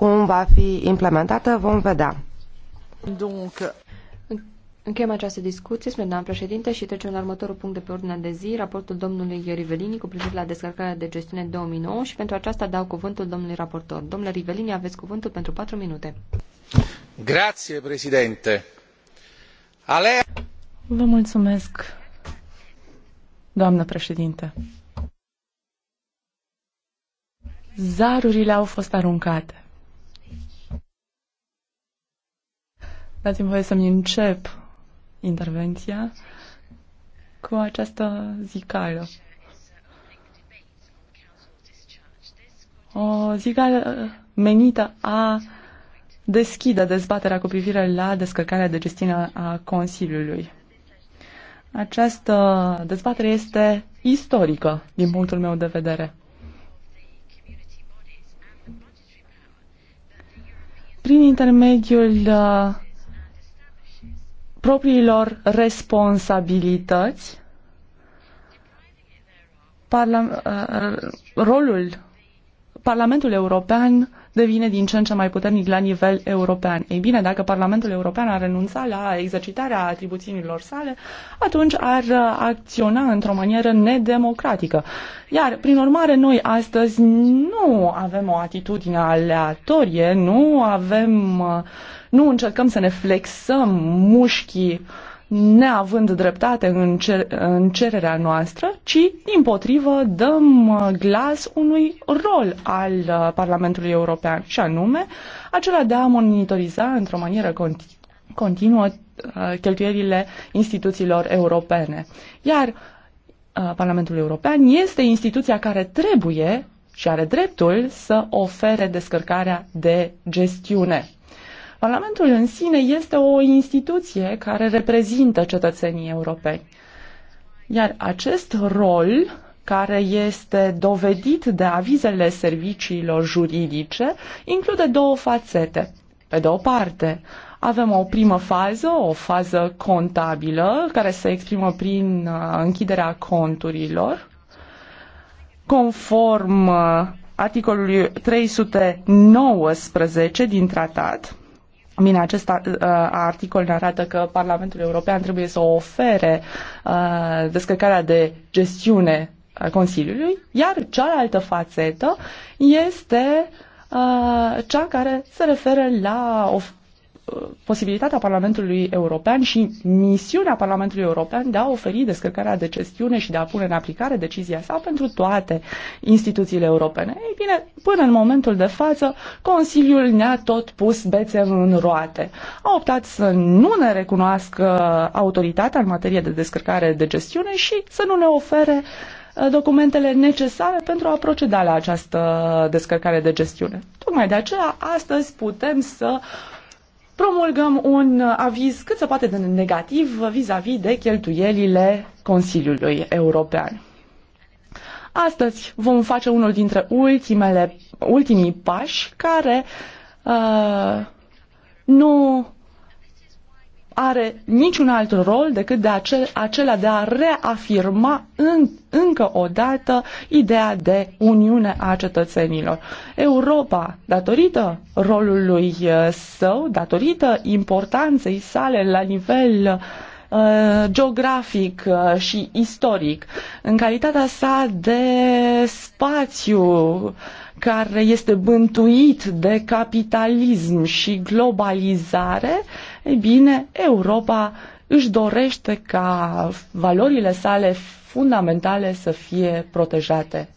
cum va fi implementată, vom vedea. Donc... Încheiem această discuție, spune doamna președinte, și trecem la următorul punct de pe ordinea de zi, raportul domnului Rivelini cu privire la descărcarea de gestiune 2009 și pentru aceasta dau cuvântul domnului raportor. Domnule Rivelini, aveți cuvântul pentru 4 minute. Grazie, președinte. Ale... Vă mulțumesc, doamnă președinte. Zarurile au fost aruncate. Dați-mi voie să-mi încep intervenția cu această zicală. O zicală menită a deschide dezbaterea cu privire la descărcarea de gestiune a Consiliului. Această dezbatere este istorică din punctul meu de vedere. Prin intermediul uh, propriilor responsabilități, parla- uh, rolul Parlamentul European devine din ce în ce mai puternic la nivel european. Ei bine, dacă Parlamentul European ar renunța la exercitarea atribuțiunilor sale, atunci ar uh, acționa într-o manieră nedemocratică. Iar, prin urmare, noi astăzi nu avem o atitudine aleatorie, nu avem uh, nu încercăm să ne flexăm mușchii neavând dreptate în, cer- în cererea noastră, ci, din potrivă, dăm uh, glas unui rol al uh, Parlamentului European, și anume acela de a monitoriza într-o manieră continu- continuă uh, cheltuierile instituțiilor europene. Iar Parlamentul European este instituția care trebuie și are dreptul să ofere descărcarea de gestiune. Parlamentul în sine este o instituție care reprezintă cetățenii europeni. Iar acest rol care este dovedit de avizele serviciilor juridice, include două fațete. Pe de o parte, avem o primă fază, o fază contabilă, care se exprimă prin uh, închiderea conturilor, conform uh, articolului 319 din tratat, Bine, acest uh, articol ne arată că Parlamentul European trebuie să ofere uh, descărcarea de gestiune a Consiliului, iar cealaltă fațetă este uh, cea care se referă la Uh, posibilitatea Parlamentului European și misiunea Parlamentului European de a oferi descărcarea de gestiune și de a pune în aplicare decizia sa pentru toate instituțiile europene. Ei bine, până în momentul de față, Consiliul ne-a tot pus bețe în roate. A optat să nu ne recunoască autoritatea în materie de descărcare de gestiune și să nu ne ofere uh, documentele necesare pentru a proceda la această descărcare de gestiune. Tocmai de aceea, astăzi putem să uh, promulgăm un uh, aviz cât se poate de negativ vis-a-vis -vis de cheltuielile Consiliului European. Astăzi vom face unul dintre ultimele, ultimii pași care uh, nu are niciun alt rol decât de acel, acela de a reafirma în, încă o dată ideea de uniune a cetățenilor. Europa, datorită rolului uh, său, datorită importanței sale la nivel uh, Uh, geografic uh, și istoric. În calitatea sa de spațiu care este bântuit de capitalism și globalizare, ei bine, Europa își dorește ca valorile sale fundamentale să fie protejate.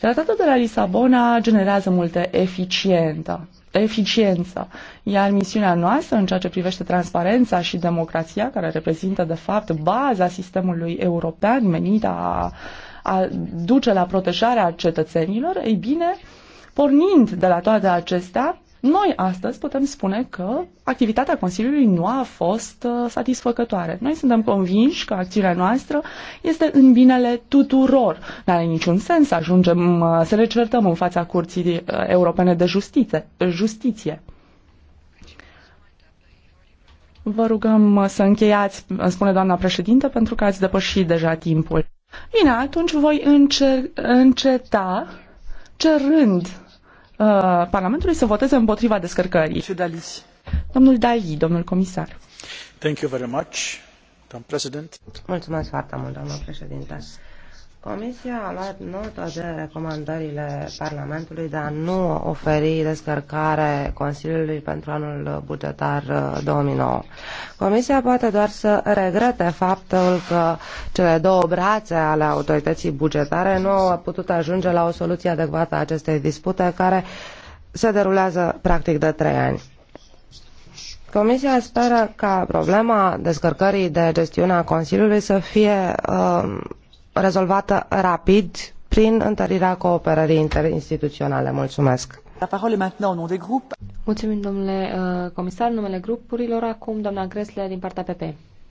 Tratatul de la Lisabona generează multă eficientă eficiență. Iar misiunea noastră în ceea ce privește transparența și democrația, care reprezintă de fapt baza sistemului european menită a, a duce la protejarea cetățenilor, ei bine, pornind de la toate acestea, noi astăzi putem spune că activitatea Consiliului nu a fost uh, satisfăcătoare. Noi suntem convinși că acțiunea noastră este în binele tuturor. Nu are niciun sens să ajungem uh, să le certăm în fața Curții uh, Europene de Justiție. justiție. Vă rugăm să încheiați, spune doamna președinte, pentru că ați depășit deja timpul. Bine, atunci voi încer- înceta cerând Uh, Parlamentului să voteze împotriva descărcării. Domnul Dali, domnul comisar. Thank you very much, domnul Președinte. Mulțumesc foarte mult, doamnă președinte. Comisia a luat notă de recomandările Parlamentului de a nu oferi descărcare Consiliului pentru anul bugetar 2009. Uh, Comisia poate doar să regrete faptul că cele două brațe ale autorității bugetare nu au putut ajunge la o soluție adecvată a acestei dispute care se derulează practic de trei ani. Comisia speră ca problema descărcării de gestiune a Consiliului să fie uh, rezolvată rapid prin întărirea cooperării interinstituționale. Mulțumesc! La Mulțumim, domnule uh, comisar, numele grupurilor. Acum, doamna Gresle, din partea PP.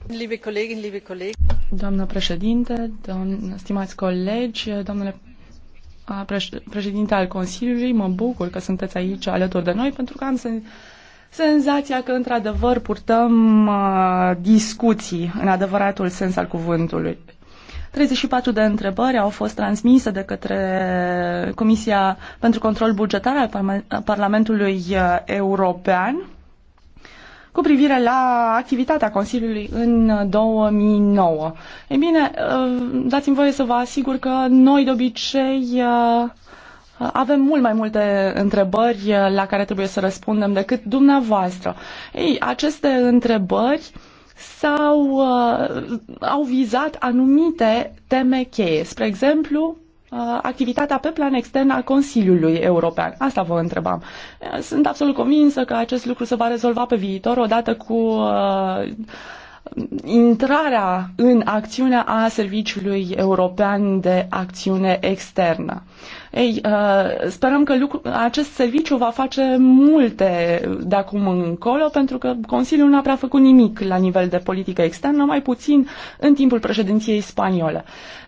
Liebe colegi, liebe colegi. Doamna președinte, doamna, stimați colegi, domnule președinte al Consiliului, mă bucur că sunteți aici alături de noi pentru că am să senzația că într-adevăr purtăm uh, discuții în adevăratul sens al cuvântului. 34 de întrebări au fost transmise de către Comisia pentru Control Bugetar al Parlamentului uh, European cu privire la activitatea Consiliului în 2009. Ei bine, uh, dați-mi voie să vă asigur că noi de obicei uh, avem mult mai multe întrebări la care trebuie să răspundem decât dumneavoastră. Ei, aceste întrebări uh, sau uh, au vizat anumite teme cheie, spre exemplu uh, activitatea pe plan extern a Consiliului European. Asta vă întrebam. Sunt absolut convinsă că acest lucru se va rezolva pe viitor odată cu uh, intrarea în acțiunea a Serviciului European de Acțiune Externă. Uh, ei, uh, sperăm că lucru, acest serviciu va face multe de acum încolo, pentru că Consiliul nu a prea făcut nimic la nivel de politică externă, mai puțin în timpul președinției spaniole.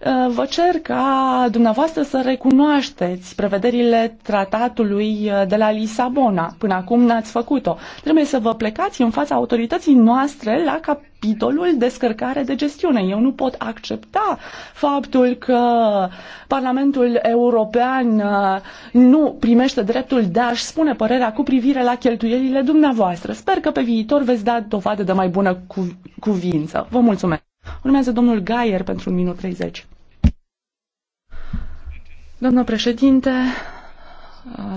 Uh, vă cer ca dumneavoastră să recunoașteți prevederile tratatului uh, de la Lisabona. Până acum n-ați făcut-o. Trebuie să vă plecați în fața autorității noastre la cap capitolul descărcare de gestiune. Eu nu pot accepta faptul că Parlamentul European uh, nu primește dreptul de a-și spune părerea cu privire la cheltuielile dumneavoastră. Sper că pe viitor veți da dovadă de mai bună cu- cuvință. Vă mulțumesc. Urmează domnul Gaier pentru un minut 30. Doamnă președinte,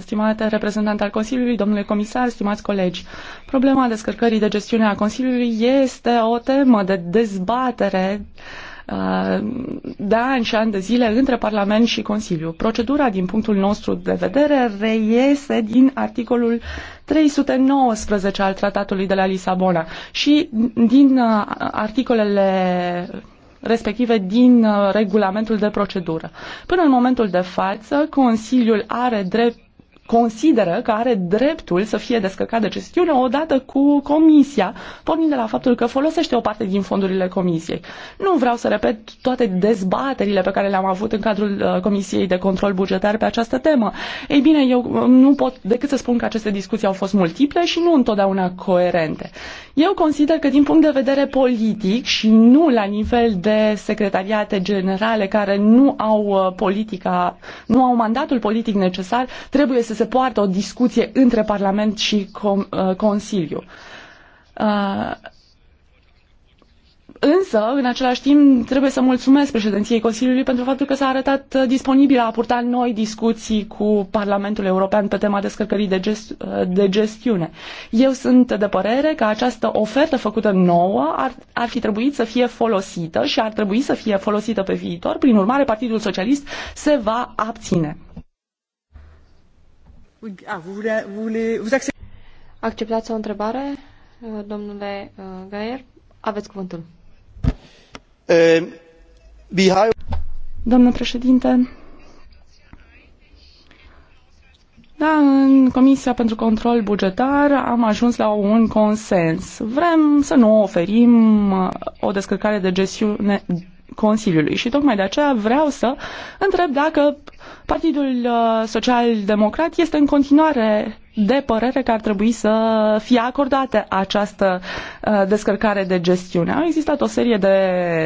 stimate reprezentante al Consiliului, domnule comisar, stimați colegi, problema descărcării de gestiune a Consiliului este o temă de dezbatere uh, de ani și ani de zile între Parlament și Consiliu. Procedura, din punctul nostru de vedere, reiese din articolul 319 al Tratatului de la Lisabona și din uh, articolele respective din uh, regulamentul de procedură. Până în momentul de față, Consiliul are drept consideră că are dreptul să fie descărcat de gestiune odată cu comisia, pornind de la faptul că folosește o parte din fondurile comisiei. Nu vreau să repet toate dezbaterile pe care le-am avut în cadrul uh, Comisiei de Control Bugetar pe această temă. Ei bine, eu uh, nu pot decât să spun că aceste discuții au fost multiple și nu întotdeauna coerente. Eu consider că din punct de vedere politic și nu la nivel de secretariate generale care nu au uh, politica, nu au mandatul politic necesar, trebuie să se poartă o discuție între Parlament și com- uh, Consiliu. Uh, însă, în același timp, trebuie să mulțumesc președinției Consiliului pentru faptul că s-a arătat uh, disponibilă a purta noi discuții cu Parlamentul European pe tema descărcării de, gest- de gestiune. Eu sunt de părere că această ofertă făcută nouă ar, ar fi trebuit să fie folosită și ar trebui să fie folosită pe viitor. Prin urmare, Partidul Socialist se va abține. Ah, Acceptați o întrebare, uh, domnule uh, Gaier? Aveți cuvântul. Eh, Domnul președinte, da, în Comisia pentru Control Bugetar am ajuns la un consens. Vrem să nu oferim uh, o descărcare de gestiune, Consiliului și tocmai de aceea vreau să întreb dacă Partidul uh, Social-Democrat este în continuare de părere că ar trebui să fie acordată această uh, descărcare de gestiune. Au existat o serie de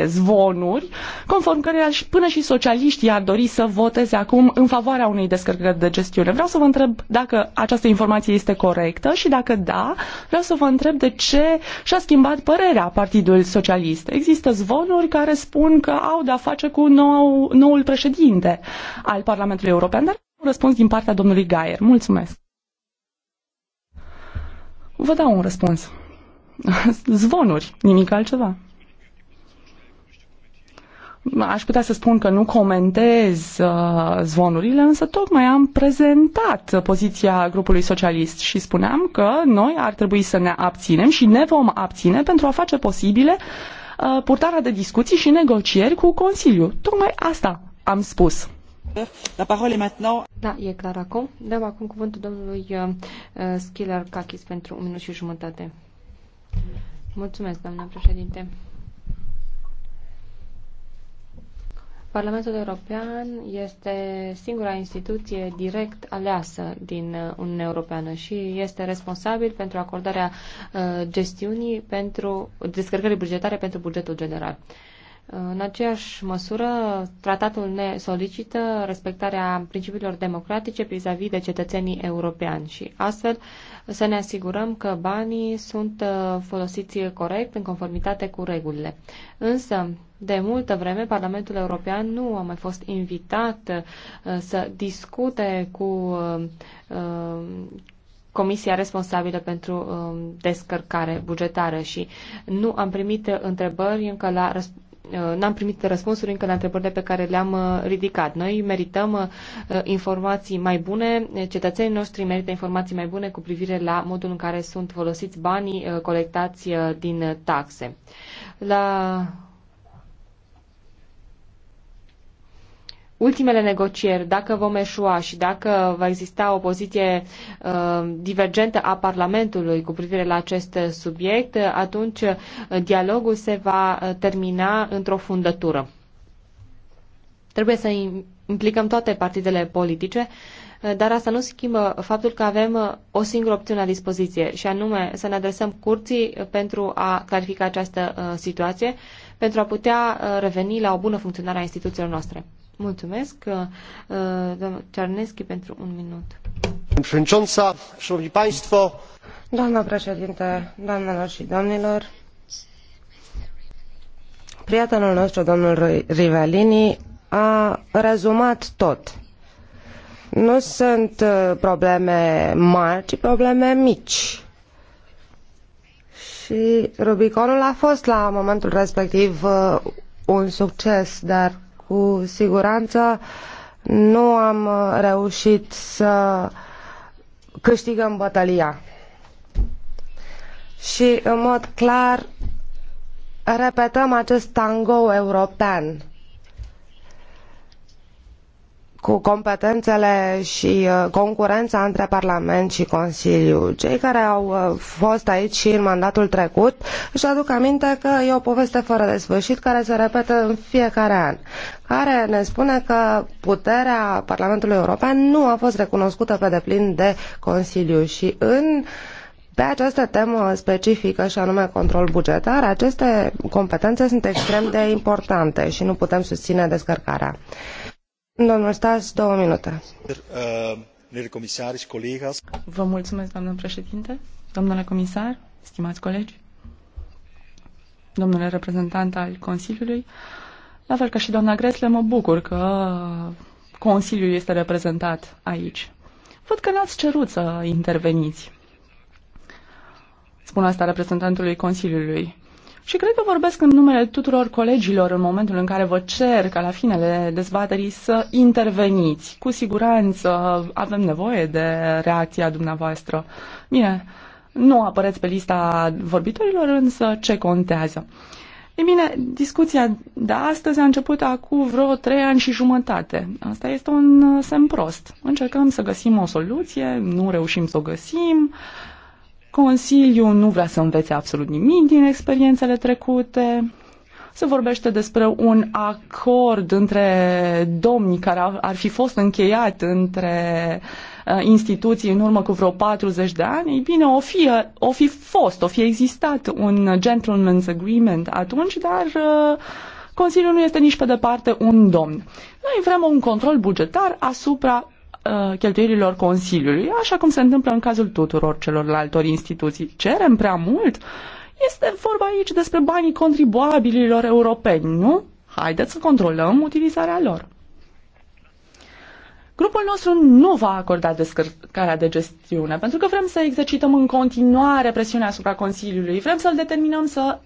zvonuri, conform căreia până și socialiștii ar dori să voteze acum în favoarea unei descărcări de gestiune. Vreau să vă întreb dacă această informație este corectă și dacă da, vreau să vă întreb de ce și-a schimbat părerea Partidul Socialist. Există zvonuri care spun că au de-a face cu nou, noul președinte al Parlamentului European, dar răspuns din partea domnului Gaier. Mulțumesc! Vă dau un răspuns. Zvonuri, nimic altceva. Aș putea să spun că nu comentez uh, zvonurile, însă tocmai am prezentat poziția grupului socialist și spuneam că noi ar trebui să ne abținem și ne vom abține pentru a face posibile uh, purtarea de discuții și negocieri cu Consiliul. Tocmai asta am spus. La parole maintenant. Da, e clar acum. Dăm acum cuvântul domnului uh, uh Schiller Kakis pentru un minut și jumătate. Mulțumesc, doamnă președinte. Parlamentul European este singura instituție direct aleasă din uh, Uniunea Europeană și este responsabil pentru acordarea uh, gestiunii pentru descărcării bugetare pentru bugetul general. În aceeași măsură, tratatul ne solicită respectarea principiilor democratice vis-a-vis -vis de cetățenii europeani și astfel să ne asigurăm că banii sunt uh, folosiți corect, în conformitate cu regulile. Însă, de multă vreme, Parlamentul European nu a mai fost invitat uh, să discute cu uh, comisia responsabilă pentru descărcare bugetară și nu am primit întrebări încă la Uh, n-am primit răspunsuri încă la întrebările pe care le-am uh, ridicat. Noi merităm uh, informații mai bune, cetățenii noștri merită informații mai bune cu privire la modul în care sunt folosiți banii colectați din taxe. La ultimele negocieri, dacă vom eșua și dacă va exista o poziție uh, divergentă a Parlamentului cu privire la acest subiect, atunci uh, dialogul se va uh, termina într-o fundătură. Trebuie să implicăm toate partidele politice, uh, dar asta nu schimbă faptul că avem o singură opțiune la dispoziție și anume să ne adresăm curții pentru a clarifica această situație, pentru a putea reveni la o bună funcționare a instituțiilor noastre. Mulțumesc, uh, uh, domnul Czarneschi, pentru un minut. Doamna președinte, doamnelor și domnilor, prietenul nostru, domnul Rivellini, a rezumat tot. Nu sunt uh, probleme mari, ci probleme mici. Și Rubiconul a fost la momentul respectiv un succes, dar cu siguranță nu am uh, reușit să câștigăm bătălia. Și, în mod clar, repetăm acest tango european cu competențele și uh, concurența între Parlament și Consiliu. Cei care au uh, fost aici și în mandatul trecut își aduc aminte că e o poveste fără de sfârșit care se repetă în fiecare an, care ne spune că puterea Parlamentului European nu a fost recunoscută pe deplin de Consiliu și în pe această temă specifică și anume control bugetar, aceste competențe sunt extrem de importante și nu putem susține descărcarea. Domnul Stas, două minute. Uh, Vă mulțumesc, doamnă președinte, domnule comisar, stimați colegi, domnule reprezentant al Consiliului. La fel ca și doamna Gresle, mă bucur că Consiliul este reprezentat aici. Văd că n-ați cerut să interveniți. Spun asta reprezentantului Consiliului. Și cred că vorbesc în numele tuturor colegilor în momentul în care vă cer ca la finele dezbaterii să interveniți. Cu siguranță avem nevoie de reacția dumneavoastră. Bine, nu apăreți pe lista vorbitorilor, însă ce contează? Ei bine, discuția de astăzi a început acum vreo trei ani și jumătate. Asta este un semn prost. Încercăm să găsim o soluție, nu reușim să o găsim, uh, Consiliul nu vrea să învețe absolut nimic din experiențele trecute. Se vorbește despre un acord între domni care ar fi fost încheiat între uh, instituții în urmă cu vreo 40 de ani. Ei bine, o fi, o fi fost, o fi existat un gentleman's agreement atunci, dar uh, Consiliul nu este nici pe departe un domn. Noi vrem un control bugetar asupra Uh, cheltuielilor Consiliului, așa cum se întâmplă în cazul tuturor celorlaltor instituții. Cerem prea mult? Este vorba aici despre banii contribuabililor europeni, nu? Haideți să controlăm utilizarea lor. Grupul nostru nu va acorda descărcarea de gestiune, pentru că vrem să exercităm în continuare presiunea asupra Consiliului, vrem să-l determinăm să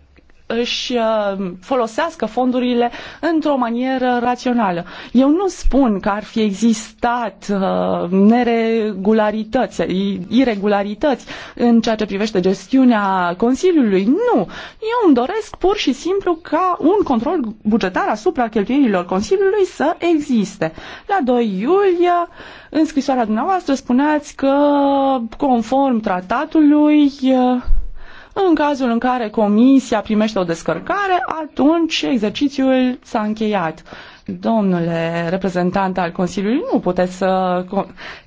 își uh, folosească fondurile într-o manieră rațională. Eu nu spun că ar fi existat uh, neregularități, irregularități în ceea ce privește gestiunea Consiliului. Nu. Eu îmi doresc pur și simplu ca un control bugetar asupra cheltuielilor Consiliului să existe. La 2 iulie, în scrisoarea dumneavoastră, spuneați că conform tratatului uh, în cazul în care comisia primește o descărcare, atunci exercițiul s-a încheiat. Domnule reprezentant al Consiliului, nu puteți să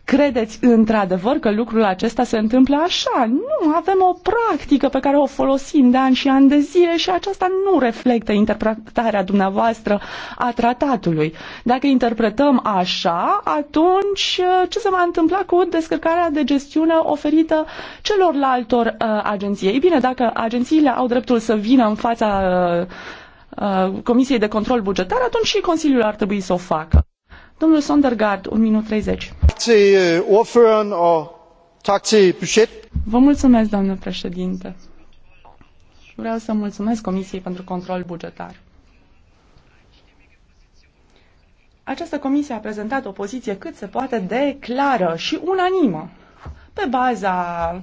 credeți într-adevăr că lucrul acesta se întâmplă așa. Nu, avem o practică pe care o folosim de ani și ani de zile și aceasta nu reflectă interpretarea dumneavoastră a tratatului. Dacă interpretăm așa, atunci uh, ce se va întâmpla cu descărcarea de gestiune oferită celorlaltor uh, agenții? Ei bine, dacă agențiile au dreptul să vină în fața uh, Uh, Comisiei de Control Bugetar, atunci și Consiliul ar trebui să o facă. Domnul Sondergaard, un minut 30. Uh, Vă mulțumesc, doamnă președinte. Vreau să mulțumesc Comisiei pentru Control Bugetar. Această comisie a prezentat o poziție cât se poate de clară și unanimă pe baza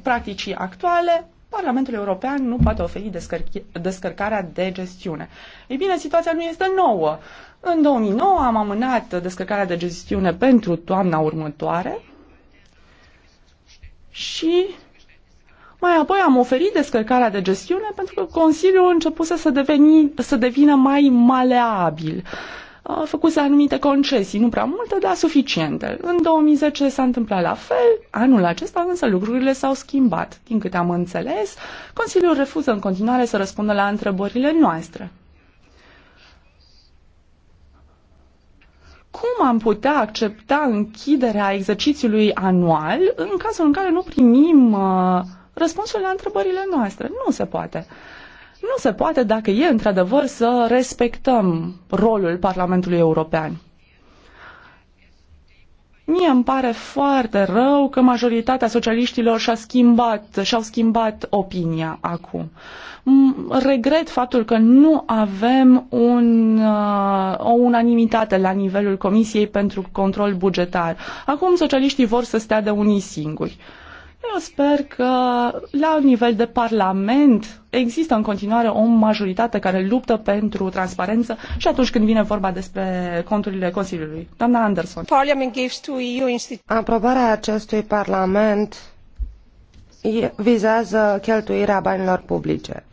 practicii actuale, Parlamentul European nu poate oferi descărc- descărcarea de gestiune. Ei bine, situația nu este nouă. În 2009 am amânat descărcarea de gestiune pentru toamna următoare și mai apoi am oferit descărcarea de gestiune pentru că Consiliul începuse să, deveni, să devină mai maleabil. Uh, făcuse anumite concesii, nu prea multe, dar suficiente. În 2010 s-a întâmplat la fel, anul acesta însă lucrurile s-au schimbat. Din câte am înțeles, Consiliul refuză în continuare să răspundă la întrebările noastre. cum am putea accepta închiderea exercițiului anual în cazul în care nu primim uh, răspunsul la întrebările noastre? Nu se poate. Uh, nu se poate dacă e într-adevăr să respectăm rolul Parlamentului European. Mie îmi pare foarte rău că majoritatea socialiștilor și-a schimbat, și-au schimbat opinia acum. Regret faptul că nu avem un, uh, o unanimitate la nivelul Comisiei pentru Control Bugetar. Acum socialiștii vor să stea de unii singuri. Uh, eu sper că la nivel de Parlament există în continuare o majoritate care luptă pentru transparență și atunci când vine vorba despre conturile Consiliului. Doamna Anderson. Aprobarea acestui Parlament vizează cheltuirea banilor publice.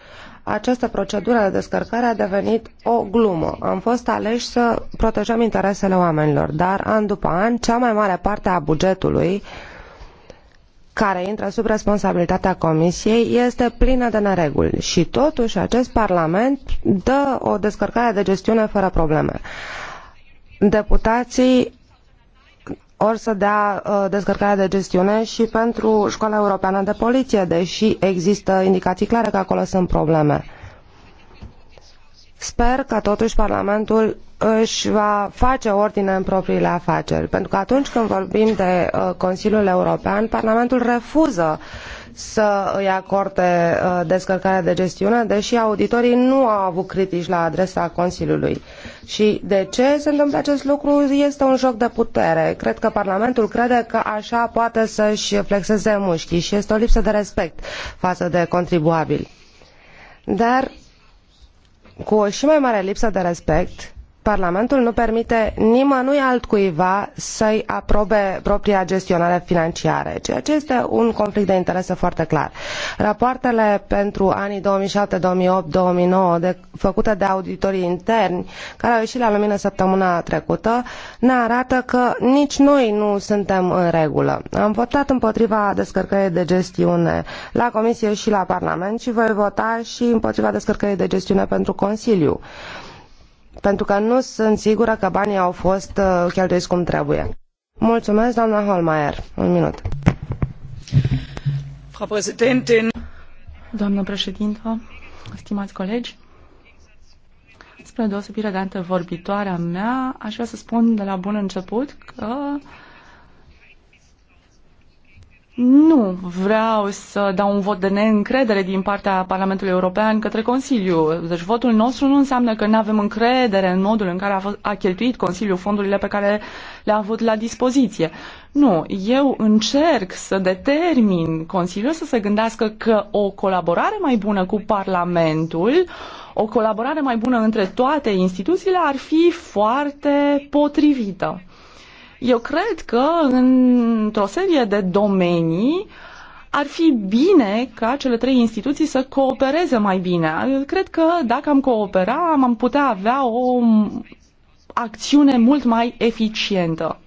Această procedură de descărcare a devenit o glumă. Am fost aleși să protejăm interesele oamenilor, dar an după an, cea mai mare parte a bugetului care intră sub responsabilitatea Comisiei este plină de nereguli și totuși acest Parlament dă o descărcare de gestiune fără probleme. Deputații or să dea uh, descărcarea de gestiune și pentru Școala Europeană de Poliție, deși există indicații clare că acolo sunt probleme. Sper ca totuși Parlamentul își va face ordine în propriile afaceri. Pentru că atunci când vorbim de uh, Consiliul European, Parlamentul refuză să îi acorde uh, descărcarea de gestiune, deși auditorii nu au avut critici la adresa Consiliului. Și de ce se întâmplă acest lucru? Este un joc de putere. Cred că Parlamentul crede că așa poate să-și flexeze mușchii și este o lipsă de respect față de contribuabili. Dar cu o și mai mare lipsă de respect, Parlamentul nu permite nimănui altcuiva să-i aprobe propria gestionare financiară, ceea ce este un conflict de interese foarte clar. Rapoartele pentru anii 2007, 2008, 2009 de, făcute de auditorii interni, care au ieșit la lumină săptămâna trecută, ne arată că nici noi nu suntem în regulă. Am votat împotriva descărcării de gestiune la Comisie și la Parlament și voi vota și împotriva descărcării de gestiune pentru Consiliu pentru că nu sunt sigură că banii au fost uh, cheltuiți cum trebuie. Mulțumesc, doamna Holmeier. Un minut. Doamnă președintă, stimați colegi, spre deosebire de antevorbitoarea mea, aș vrea să spun de la bun început că nu vreau să dau un vot de neîncredere din partea Parlamentului European către Consiliu. Deci votul nostru nu înseamnă că nu avem încredere în modul în care a, fost, a cheltuit Consiliul fondurile pe care le-a avut la dispoziție. Nu, eu încerc să determin Consiliul să se gândească că o colaborare mai bună cu Parlamentul, o colaborare mai bună între toate instituțiile ar fi foarte potrivită. Eu cred că într-o serie de domenii ar fi bine ca cele trei instituții să coopereze mai bine. Eu cred că dacă am coopera, am putea avea o acțiune mult mai eficientă.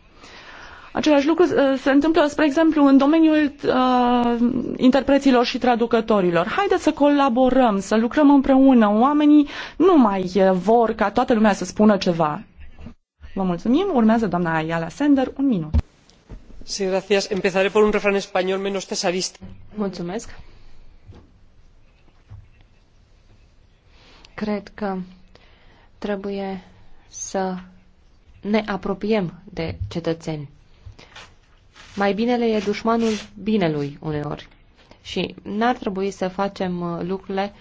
Același lucru uh, se întâmplă, spre exemplu, în domeniul uh, interpreților și traducătorilor. Haideți să colaborăm, să lucrăm împreună. Oamenii nu mai uh, vor ca toată lumea să spună ceva. Vă mulțumim. Urmează doamna Ayala Sender. Un minut. Sí, gracias. Empezaré por un refrán español menos cesarista. Mulțumesc. Cred că trebuie să ne apropiem de cetățeni. Mai binele e dușmanul binelui uneori și n-ar trebui să facem uh, lucrurile uh,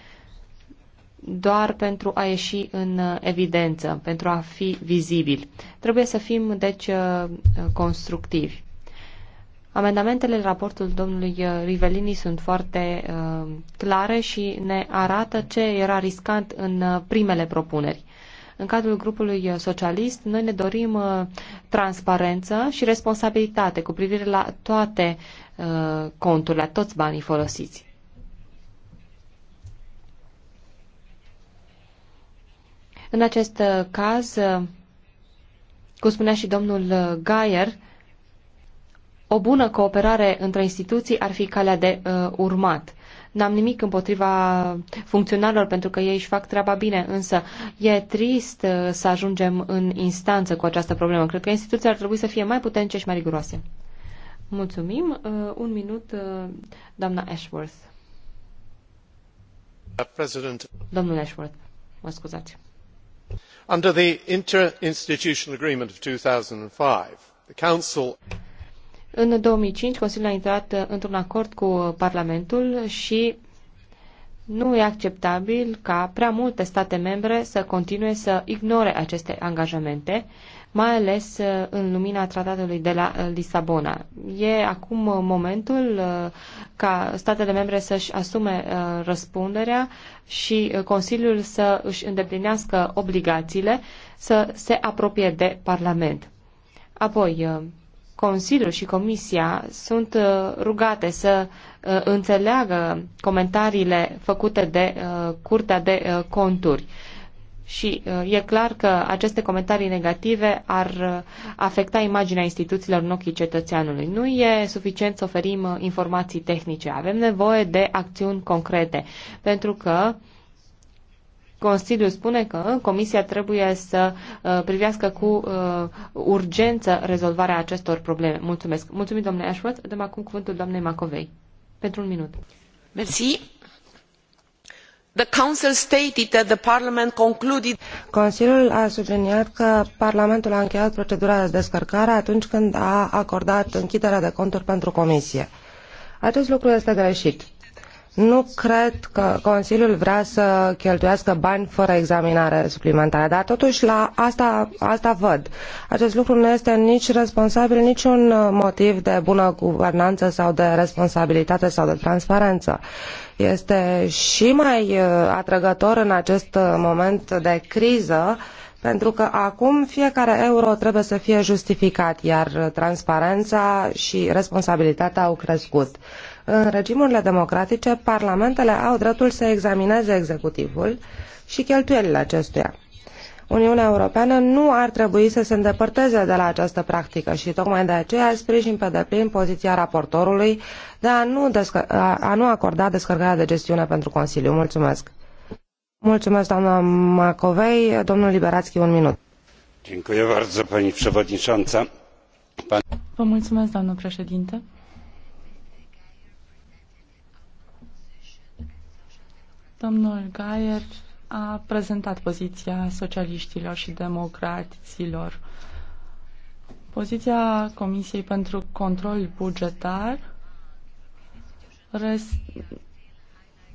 doar pentru a ieși în uh, evidență, pentru a fi vizibil. Trebuie să fim, deci, uh, constructivi. Amendamentele raportul domnului uh, Rivelini sunt foarte uh, clare și ne arată ce era riscant în primele propuneri. În cadrul grupului socialist, noi ne dorim uh, transparență și responsabilitate cu privire la toate uh, conturile, la toți banii folosiți. În acest uh, caz, uh, cum spunea și domnul uh, Gaier, o bună cooperare între instituții ar fi calea de uh, urmat. N-am nimic împotriva funcționarilor pentru că ei își fac treaba bine, însă e trist uh, să ajungem în instanță cu această problemă. Cred că instituțiile ar trebui să fie mai puternice și mai riguroase. Mulțumim. Uh, un minut, uh, doamna Ashworth. Domnul Ashworth, mă scuzați under the interinstitutional agreement of two thousand and five the council în 2005, Consiliul a intrat uh, într-un acord cu uh, Parlamentul și nu e acceptabil ca prea multe state membre să continue să ignore aceste angajamente, mai ales uh, în lumina tratatului de la uh, Lisabona. E acum uh, momentul ca statele membre să-și asume răspunderea și Consiliul să își îndeplinească obligațiile să se apropie de Parlament. Apoi, Consiliul și Comisia sunt rugate să înțeleagă comentariile făcute de Curtea de Conturi și uh, e clar că aceste comentarii negative ar uh, afecta imaginea instituțiilor în ochii cetățeanului. Nu e suficient să oferim uh, informații tehnice. Avem nevoie de acțiuni concrete, pentru că Consiliul spune că Comisia trebuie să privească cu urgență rezolvarea acestor probleme. Mulțumesc. Mulțumim, domnule Ashworth. Dăm acum cuvântul doamnei Macovei. Pentru un minut. Mersi. The Council stated that the Parliament concluded... Consiliul a subliniat că Parlamentul a încheiat procedura de descărcare atunci când a acordat închiderea de conturi pentru Comisie. Acest lucru este greit. Nu cred că Consiliul vrea să cheltuiască bani fără examinare suplimentară, dar totuși la asta, asta văd. Acest lucru nu este nici responsabil, nici un motiv de bună guvernanță sau de responsabilitate sau de transparență. Este și mai uh, atrăgător în acest uh, moment de criză pentru că acum fiecare euro trebuie să fie justificat, iar transparența și responsabilitatea au crescut. În regimurile democratice, parlamentele au dreptul să examineze executivul și cheltuielile acestuia. Uniunea Europeană nu ar trebui să se îndepărteze de la această practică și tocmai de aceea sprijin pe deplin poziția raportorului de a nu, a nu acorda descărcarea de gestiune pentru Consiliu. Mulțumesc! Mulțumesc, doamna Macovei. Domnul Liberațchi, un minut. Dziękuję bardzo, pani przewodnicząca. Pan... Vă mulțumesc, doamnă președinte. Domnul Gaier a prezentat poziția socialiștilor și democraților. Poziția Comisiei pentru Control Bugetar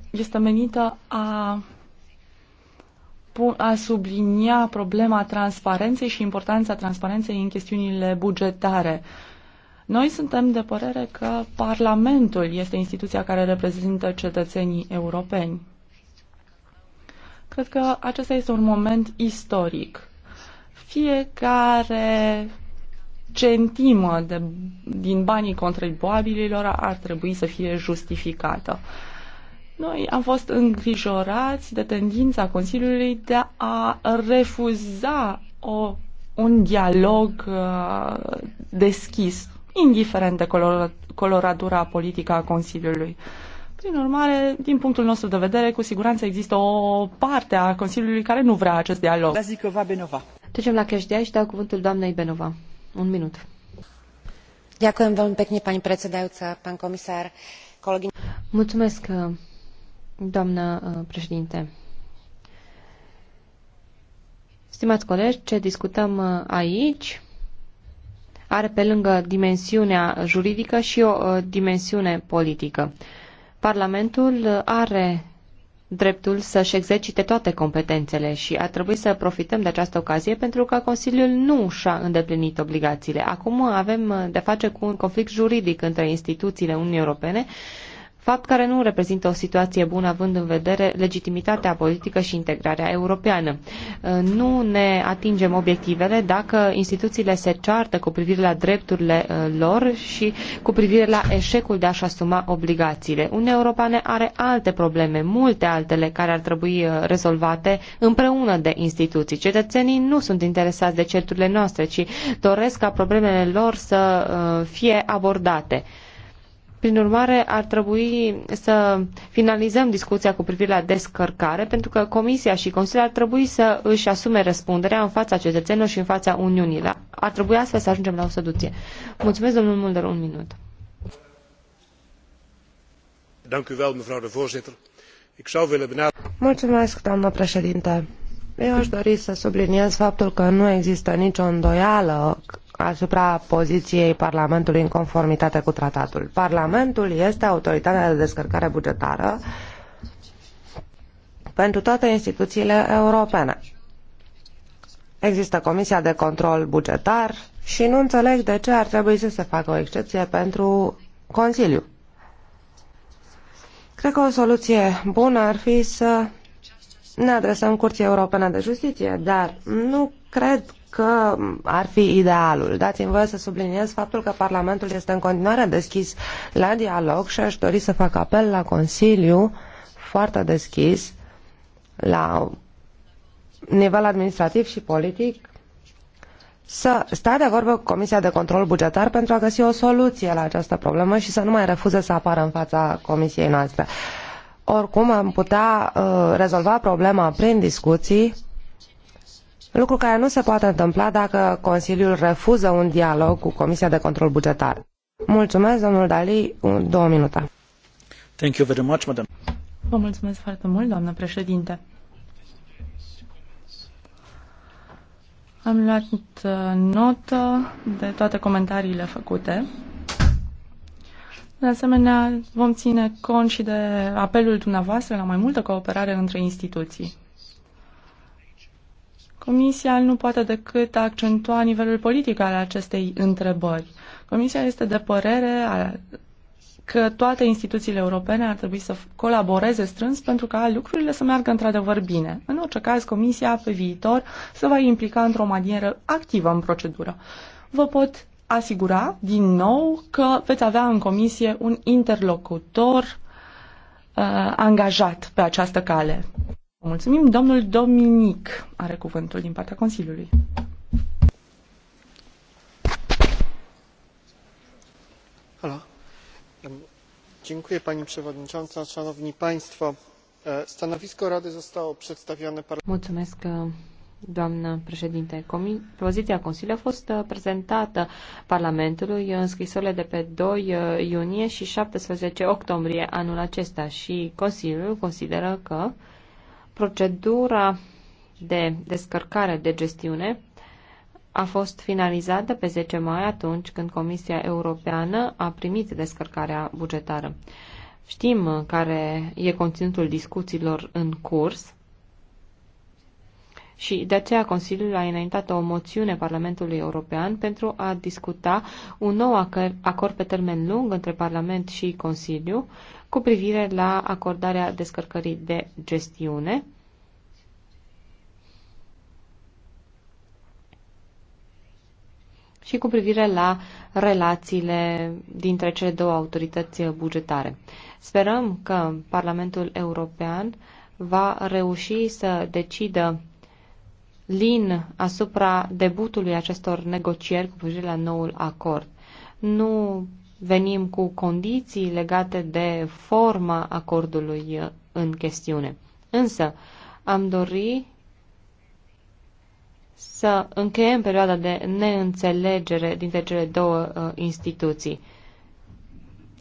este menită a a sublinia problema transparenței și importanța transparenței în chestiunile bugetare. Noi suntem de părere că Parlamentul este instituția care reprezintă cetățenii europeni. Cred că acesta este un moment istoric. Fiecare centimă de, din banii contribuabililor ar trebui să fie justificată. Noi am fost îngrijorați de tendința Consiliului de a refuza o, un dialog uh, deschis, indiferent de color, coloratura politică a Consiliului. Uh, prin urmare, din punctul nostru de vedere, cu siguranță există o parte a Consiliului care nu vrea acest dialog. Bazicova Benova. Trecem la Cheștia și dau cuvântul doamnei Benova. Un minut. Ďakujem veľmi pekne, pani predsedajúca, pán komisár, colegi. Mulțumesc, uh, doamnă uh, președinte. Stimați colegi, ce discutăm uh, aici are pe lângă dimensiunea juridică și o dimensiune politică. Parlamentul are dreptul să-și exercite toate competențele și ar trebui să profităm de această ocazie pentru că Consiliul nu și-a îndeplinit obligațiile. Acum avem de face cu un conflict juridic între instituțiile Uniunii Europene fapt care nu reprezintă o situație bună având în vedere legitimitatea politică și integrarea europeană. Uh, nu ne atingem obiectivele dacă instituțiile se ceartă cu privire la drepturile uh, lor și cu privire la eșecul de a-și asuma obligațiile. Uniunea Europeană are alte probleme, multe altele care ar trebui uh, rezolvate împreună de instituții. Cetățenii nu sunt interesați de certurile noastre, ci doresc ca problemele lor să fie abordate. Prin urmare, ar trebui să finalizăm discuția cu privire la descărcare, pentru că Comisia și Consiliul ar trebui să își asume răspunderea în fața cetățenilor și în fața Uniunii. Ar trebui astfel să ajungem la o soluție. Mulțumesc, domnul Mulder, un minut. Mulțumesc, doamnă președinte. Eu aș dori să subliniez faptul că nu există nicio îndoială asupra poziției Parlamentului în conformitate cu tratatul. Parlamentul este autoritatea de descărcare bugetară pentru toate instituțiile europene. Există Comisia de Control Bugetar și nu înțeleg de ce ar trebui să se facă o excepție pentru Consiliu. Cred că o soluție bună ar fi să ne adresăm Curții Europene de Justiție, dar nu cred că ar fi idealul. Dați-mi voie să subliniez faptul că Parlamentul este în continuare deschis la dialog și aș dori să fac apel la Consiliu foarte deschis la nivel administrativ și politic să stea de vorbă cu Comisia de Control Bugetar pentru a găsi o soluție la această problemă și să nu mai refuze să apară în fața Comisiei noastre. Oricum am putea uh, rezolva problema prin discuții lucru care nu se poate întâmpla dacă Consiliul refuză un dialog cu Comisia de Control Bugetar. Mulțumesc, domnul Dali, două minute. Thank you very much, madam. Vă mulțumesc foarte mult, doamnă președinte. Am luat uh, notă de toate comentariile făcute. De asemenea, vom ține cont și de apelul dumneavoastră la mai multă cooperare între instituții. Comisia nu poate decât accentua nivelul politic al acestei întrebări. Comisia este de părere că toate instituțiile europene ar trebui să colaboreze strâns pentru ca lucrurile să meargă într-adevăr bine. În orice caz, Comisia pe viitor se va implica într-o manieră activă în procedură. Vă pot asigura din nou că veți avea în Comisie un interlocutor uh, angajat pe această cale. Mulțumim. Domnul Dominic are cuvântul din partea Consiliului. Halo. Dziękuję pani przewodnicząca, szanowni państwo. Stanowisko Rady zostało przedstawione Mulțumesc, doamnă președinte. Poziția Consiliului a fost prezentată Parlamentului în scrisorile de pe 2 iunie și 17 octombrie anul acesta și Consiliul consideră că Procedura de descărcare de gestiune a fost finalizată pe 10 mai, atunci când Comisia Europeană a primit descărcarea bugetară. Știm care e conținutul discuțiilor în curs și de aceea Consiliul a înaintat o moțiune Parlamentului European pentru a discuta un nou acord pe termen lung între Parlament și Consiliu cu privire la acordarea descărcării de gestiune. și cu privire la relațiile dintre cele două autorități bugetare. Sperăm că Parlamentul European va reuși să decidă lin asupra debutului acestor negocieri cu privire la noul acord. Nu venim cu condiții legate de forma acordului uh, în chestiune. Însă, am dori să încheiem perioada de neînțelegere dintre cele două uh, instituții.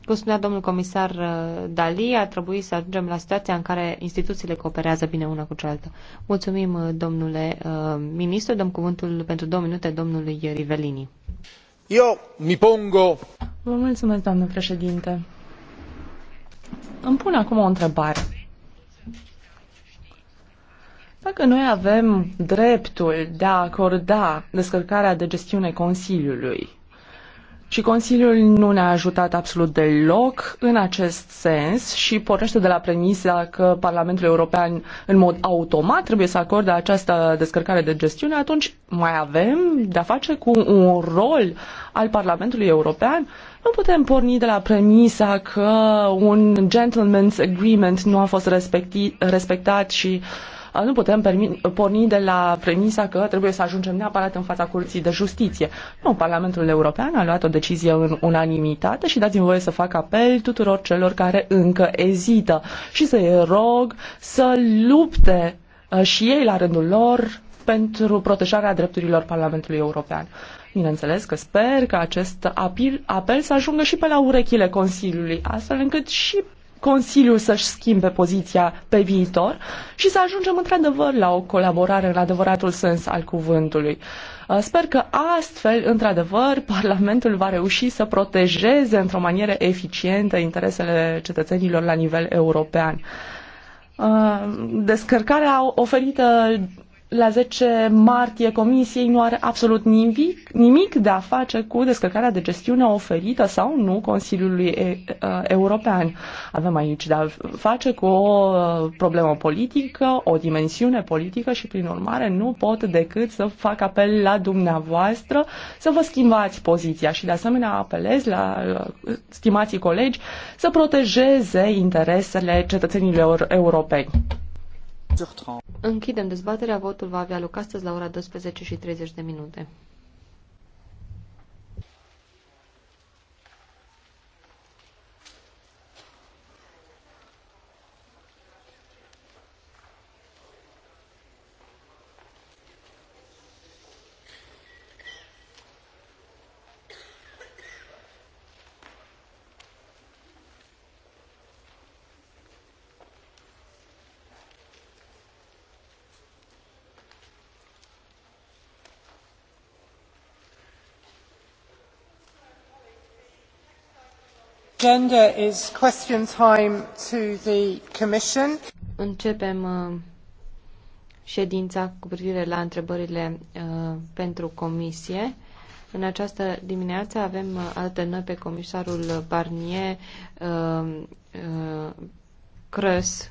Cum spunea domnul comisar uh, Dali, a trebuit să ajungem la situația în care instituțiile cooperează bine una cu cealaltă. Mulțumim, uh, domnule uh, ministru. Dăm cuvântul pentru două minute domnului Rivelini eu mi pongo. Îmi pun acum o întrebare. Dacă noi avem dreptul de a acorda descărcarea de gestiune Consiliului, și Consiliul nu ne-a ajutat absolut deloc în acest sens și pornește de la premisa că Parlamentul European în mod automat trebuie să acorde această descărcare de gestiune, atunci mai avem de-a face cu un rol al Parlamentului European. Nu putem porni de la premisa că un gentleman's agreement nu a fost respecti, respectat și uh, nu putem porni de la premisa că trebuie să ajungem neapărat în fața Curții de Justiție. Nu, Parlamentul European a luat o decizie în unanimitate și dați-mi voie să fac apel tuturor celor care încă ezită și să-i rog să lupte și ei la rândul lor pentru protejarea drepturilor Parlamentului European. Bineînțeles că sper că acest apel, apel să ajungă și pe la urechile Consiliului, astfel încât și Consiliul să-și schimbe poziția pe viitor și să ajungem într-adevăr la o colaborare în adevăratul sens al cuvântului. Uh, sper că astfel, într-adevăr, Parlamentul va reuși să protejeze într-o manieră eficientă interesele cetățenilor la nivel european. Uh, descărcarea oferită la 10 martie comisiei nu are absolut nimic, nimic de a face cu descărcarea de gestiune oferită sau nu Consiliului e, uh, European. Avem aici de a face cu o uh, problemă politică, o dimensiune politică și prin urmare nu pot decât să fac apel la dumneavoastră să vă schimbați poziția și de asemenea apelez la uh, stimații colegi să protejeze interesele cetățenilor europeni. Închidem dezbaterea. Votul va avea loc astăzi la ora 12 și 30 de minute. agenda Începem uh, ședința cu privire la întrebările uh, pentru comisie. În această dimineață avem uh, alături noi pe comisarul Barnier Crăs.